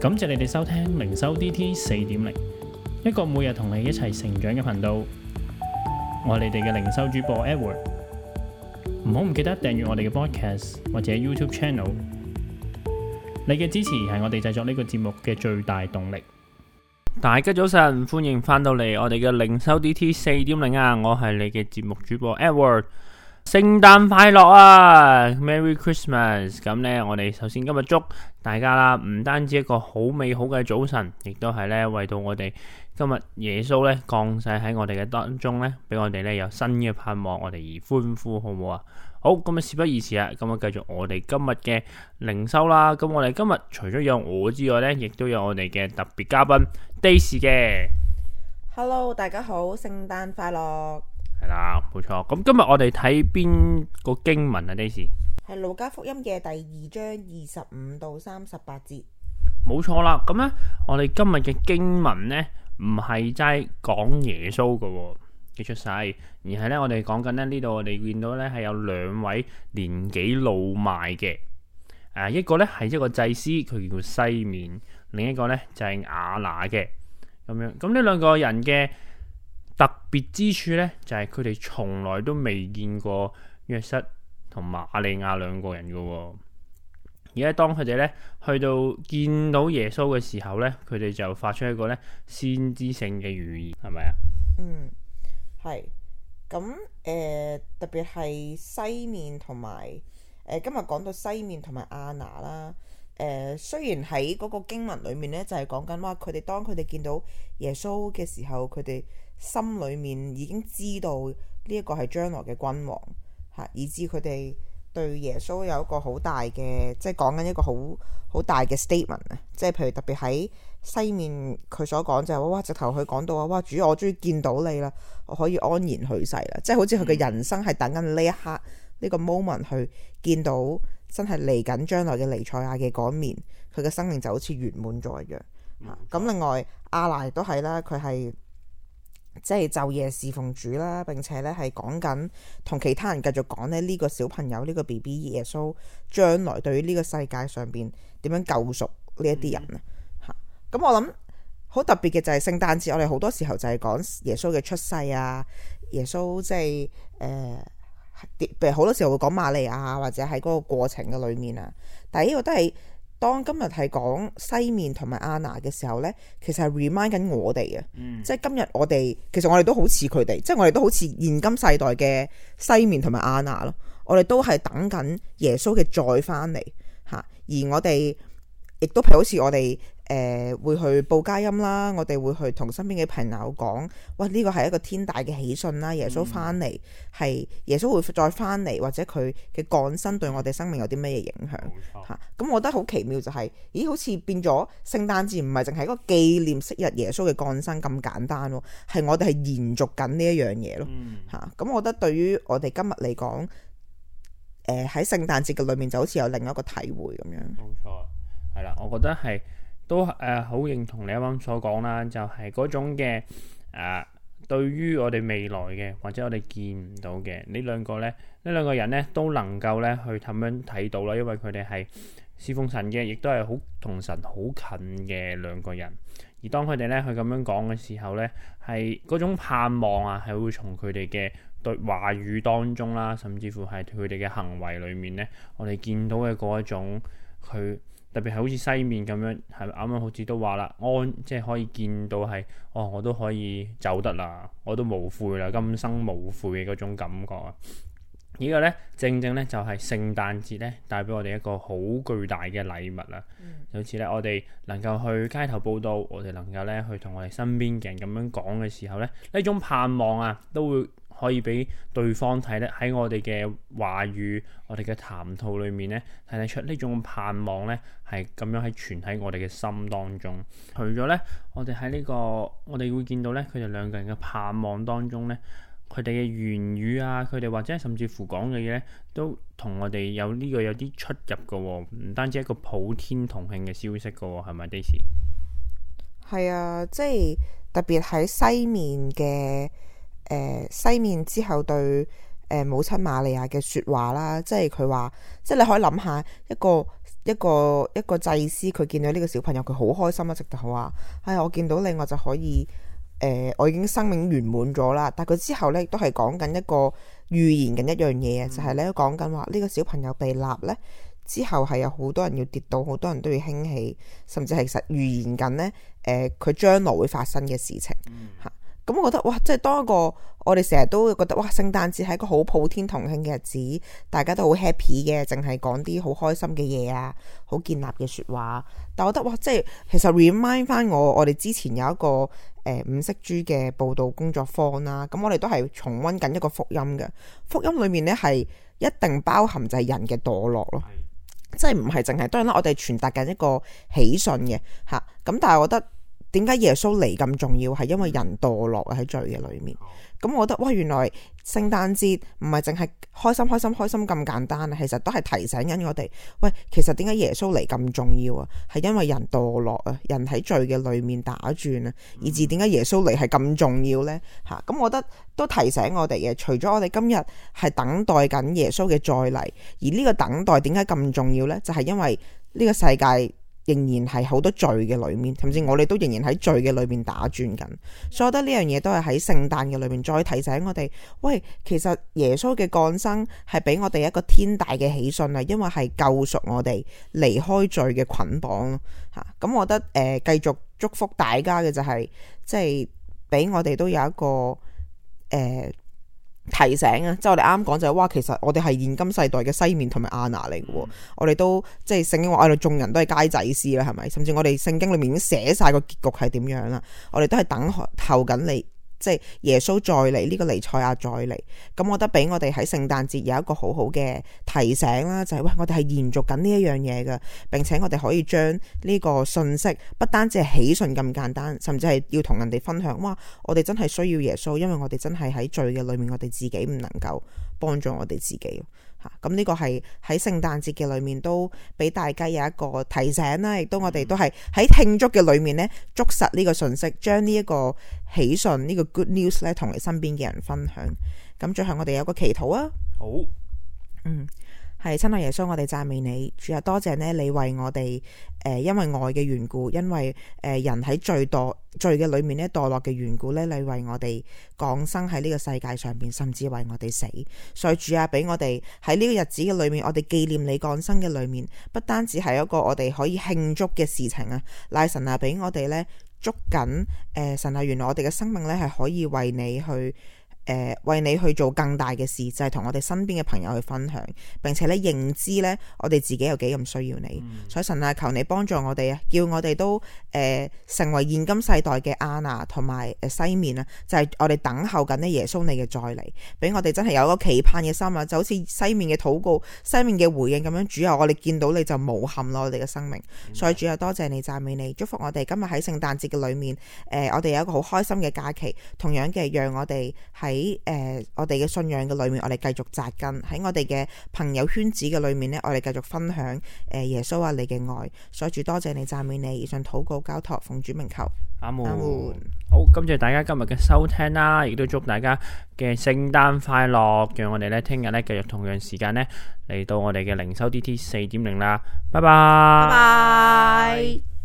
感謝你哋收聽靈修 DT 四點零，一個每日同你一齊成長嘅頻道。我係你哋嘅靈修主播 Edward，唔好唔記得訂閱我哋嘅 Podcast 或者 YouTube Channel。你嘅支持係我哋製作呢個節目嘅最大動力。大家早晨，歡迎翻到嚟我哋嘅靈修 DT 四點零啊！我係你嘅節目主播 Edward。聖誕快樂啊！Merry Christmas！咁咧，我哋首先今日祝大家啦，唔單止一個好美好嘅早晨，亦都係咧為到我哋今日耶穌咧降世喺我哋嘅當中咧，俾我哋咧有新嘅盼望，我哋而歡呼，好唔好啊？好，咁啊，事不宜遲啊，咁啊，繼續我哋今日嘅靈修啦。咁我哋今日除咗有我之外咧，亦都有我哋嘅特別嘉賓，Daisy 嘅。Hello，大家好，聖誕快樂！係啦，冇錯。咁今日我哋睇邊個經文啊？啲士係路加福音嘅第二章二十五到三十八節。冇錯啦。咁咧，我哋今日嘅經文咧，唔係齋講耶穌嘅嘅出世，而係咧我哋講緊咧呢度我哋見到咧係有兩位年紀老邁嘅。誒，一個咧係一個祭司，佢叫西面；另一個咧就係亞拿嘅。咁樣，咁呢兩個人嘅。特別之處咧，就係佢哋從來都未見過約瑟同瑪利亞兩個人嘅、哦。而家當佢哋咧去到見到耶穌嘅時候咧，佢哋就發出一個咧先知性嘅預言，係咪啊？嗯，係咁誒，特別係西面同埋誒今日講到西面同埋阿拿啦誒、呃。雖然喺嗰個經文裏面咧，就係講緊話佢哋當佢哋見到耶穌嘅時候，佢哋。心裏面已經知道呢一個係將來嘅君王，吓，以至佢哋對耶穌有一個好大嘅，即係講緊一個好好大嘅 statement 啊，即係譬如特別喺西面佢所講就係哇，直頭佢講到啊，哇，主我終於見到你啦，我可以安然去世啦，即係好似佢嘅人生係等緊呢一刻呢、呢個 moment 去見到真係嚟緊將來嘅尼塞亞嘅嗰一面，佢嘅生命就好似圓滿咗一樣吓。咁、嗯、另外亞拿都係啦，佢係。即係晝夜侍奉主啦，並且咧係講緊同其他人繼續講咧呢個小朋友呢個 B B 耶穌將來對於呢個世界上邊點樣救贖呢一啲人啊吓，咁，我諗好特別嘅就係聖誕節，我哋好多時候就係講耶穌嘅出世啊，耶穌即係誒，呃、譬如好多時候會講馬利亞或者喺嗰個過程嘅裏面啊，但係呢個都係。當今日係講西面同埋亞拿嘅時候呢，其實係 remind 緊我哋啊。嗯、即係今日我哋其實我哋都好似佢哋，即係我哋都好似現今世代嘅西面同埋亞拿咯，我哋都係等緊耶穌嘅再翻嚟吓，而我哋。亦都譬如好似我哋誒、呃、會去報佳音啦，我哋會去同身邊嘅朋友講，哇呢、這個係一個天大嘅喜訊啦！耶穌翻嚟，係、嗯、耶穌會再翻嚟，或者佢嘅降生對我哋生命有啲咩嘢影響？吓咁、嗯，啊、我覺得好奇妙就係、是，咦好似變咗聖誕節唔係淨係一個紀念昔日耶穌嘅降生咁簡單咯，係我哋係延續緊呢一樣嘢咯。吓咁、啊，我覺得對於我哋今日嚟講，誒、呃、喺聖誕節嘅裏面就好似有另一個體會咁樣。冇錯、嗯。嗯。係啦，我覺得係都誒好、呃、認同你啱啱所講啦，就係、是、嗰種嘅誒、呃，對於我哋未來嘅或者我哋見唔到嘅呢兩個咧，呢兩個人咧都能夠咧去咁樣睇到啦，因為佢哋係侍奉神嘅，亦都係好同神好近嘅兩個人。而當佢哋咧去咁樣講嘅時候咧，係嗰種盼望啊，係會從佢哋嘅對話語當中啦，甚至乎係佢哋嘅行為裡面咧，我哋見到嘅嗰一種佢。特別係好似西面咁樣，係咪啱啱好似都話啦？安，即係可以見到係，哦，我都可以走得啦，我都無悔啦，今生無悔嘅嗰種感覺啊！依個咧，正正咧就係聖誕節咧，帶俾我哋一個好巨大嘅禮物啊！好似咧，我哋能夠去街頭報道，我哋能夠咧去同我哋身邊嘅人咁樣講嘅時候咧，呢種盼望啊，都會～可以俾對方睇咧，喺我哋嘅話語、我哋嘅談吐裏面咧，睇得出呢種盼望咧，係咁樣係存喺我哋嘅心當中。除咗咧，我哋喺呢個，我哋會見到咧，佢哋兩個人嘅盼望當中咧，佢哋嘅言語啊，佢哋或者甚至乎講嘅嘢咧，都同我哋有呢個有啲出入嘅喎、哦。唔單止一個普天同慶嘅消息嘅喎、哦，係咪，Dee？係啊，即係特別喺西面嘅。誒、呃，西面之後對誒、呃、母親瑪利亞嘅說話啦，即係佢話，即係你可以諗下一個一個一個祭司，佢見到呢個小朋友，佢好開心一直頭話，係、哎、我見到你，我就可以誒、呃，我已經生命圓滿咗啦。但係佢之後咧，亦都係講緊一個預言緊一樣嘢、嗯、就係咧講緊話呢個小朋友被立咧之後係有好多人要跌倒，好多人都要興起，甚至係實預言緊咧誒，佢、呃、將來會發生嘅事情、嗯咁、嗯、我覺得哇，即係當一個我哋成日都會覺得哇，聖誕節係一個好普天同慶嘅日子，大家都好 happy 嘅，淨係講啲好開心嘅嘢啊，好建立嘅説話。但我覺得哇，即係其實 remind 翻我，我哋之前有一個誒、呃、五色珠嘅報道工作坊啦。咁、嗯、我哋都係重温緊一個福音嘅福音裏面咧，係一定包含就係人嘅墮落咯，即係唔係淨係當然啦，我哋傳達緊一個喜訊嘅嚇。咁、嗯、但係我覺得。點解耶穌嚟咁重要？係因為人墮落喺罪嘅裏面。咁我覺得，喂，原來聖誕節唔係淨係開心、開心、開心咁簡單啊！其實都係提醒緊我哋，喂，其實點解耶穌嚟咁重要啊？係因為人墮落啊，人喺罪嘅裏面打轉啊！以至點解耶穌嚟係咁重要咧？吓，咁我覺得都提醒我哋嘅。除咗我哋今日係等待緊耶穌嘅再嚟，而呢個等待點解咁重要咧？就係因為呢個世界。仍然係好多罪嘅裏面，甚至我哋都仍然喺罪嘅裏面打轉緊，所以我覺得呢樣嘢都係喺聖誕嘅裏面再提醒我哋，喂，其實耶穌嘅降生係俾我哋一個天大嘅喜訊啊，因為係救贖我哋離開罪嘅捆綁咯吓，咁、啊、我覺得誒、呃、繼續祝福大家嘅就係、是、即係俾我哋都有一個誒。呃提醒啊，即係我哋啱啱講就係，哇，其實我哋係現今世代嘅西面同埋亞拿嚟嘅，嗯、我哋都即係聖經話，我哋眾人都係皆祭司啦，係咪？甚至我哋聖經裏面已經寫晒個結局係點樣啦，我哋都係等候，候緊你。即係耶穌再嚟呢，這個尼賽亞再嚟，咁我覺得俾我哋喺聖誕節有一個好好嘅提醒啦，就係，是，喂我哋係延續緊呢一樣嘢噶，並且我哋可以將呢個信息，不單只係喜訊咁簡單，甚至係要同人哋分享哇，我哋真係需要耶穌，因為我哋真係喺罪嘅裏面，我哋自己唔能夠幫助我哋自己。吓，咁呢個係喺聖誕節嘅裏面都俾大家有一個提醒啦，亦都我哋都係喺慶祝嘅裏面呢，捉實呢個訊息，將呢一個喜訊呢、呢個 good news 咧，同你身邊嘅人分享。咁最後我哋有個祈禱啊，好嗯。係親愛耶穌，我哋讚美你，主啊，多謝呢你為我哋誒、呃，因為愛嘅緣故，因為誒、呃、人喺罪墮罪嘅裏面咧墮落嘅緣故咧，你為我哋降生喺呢個世界上邊，甚至為我哋死，所以主啊，俾我哋喺呢個日子嘅裏面，我哋紀念你降生嘅裏面，不單止係一個我哋可以慶祝嘅事情啊，賴神啊，俾我哋咧捉緊誒、呃，神啊，原來我哋嘅生命咧係可以為你去。誒，為你去做更大嘅事，就係、是、同我哋身邊嘅朋友去分享，並且咧認知咧，我哋自己有幾咁需要你。嗯、所以神啊，求你幫助我哋啊，叫我哋都誒、呃、成為現今世代嘅亞拿同埋誒西面啊，就係、是、我哋等候緊呢耶穌你嘅再嚟，俾我哋真係有一個期盼嘅心啊！就好似西面嘅禱告、西面嘅回應咁樣，主啊，我哋見到你就無憾咯，我哋嘅生命。白所以主啊，多謝你贊美你，祝福我哋今日喺聖誕節嘅裏面，誒、呃，我哋有一個好開心嘅假期。同樣嘅，讓我哋係。喺誒，我哋嘅信仰嘅裏面，我哋繼續紮根喺我哋嘅朋友圈子嘅裏面咧，我哋繼續分享誒耶穌啊，你嘅愛，所以主多謝你讚美你，以上禱告交託奉主名求阿門。好，感謝大家今日嘅收聽啦，亦都祝福大家嘅聖誕快樂。讓我哋咧聽日咧繼續同樣時間咧嚟到我哋嘅靈修 DT4.0 啦。拜拜拜拜。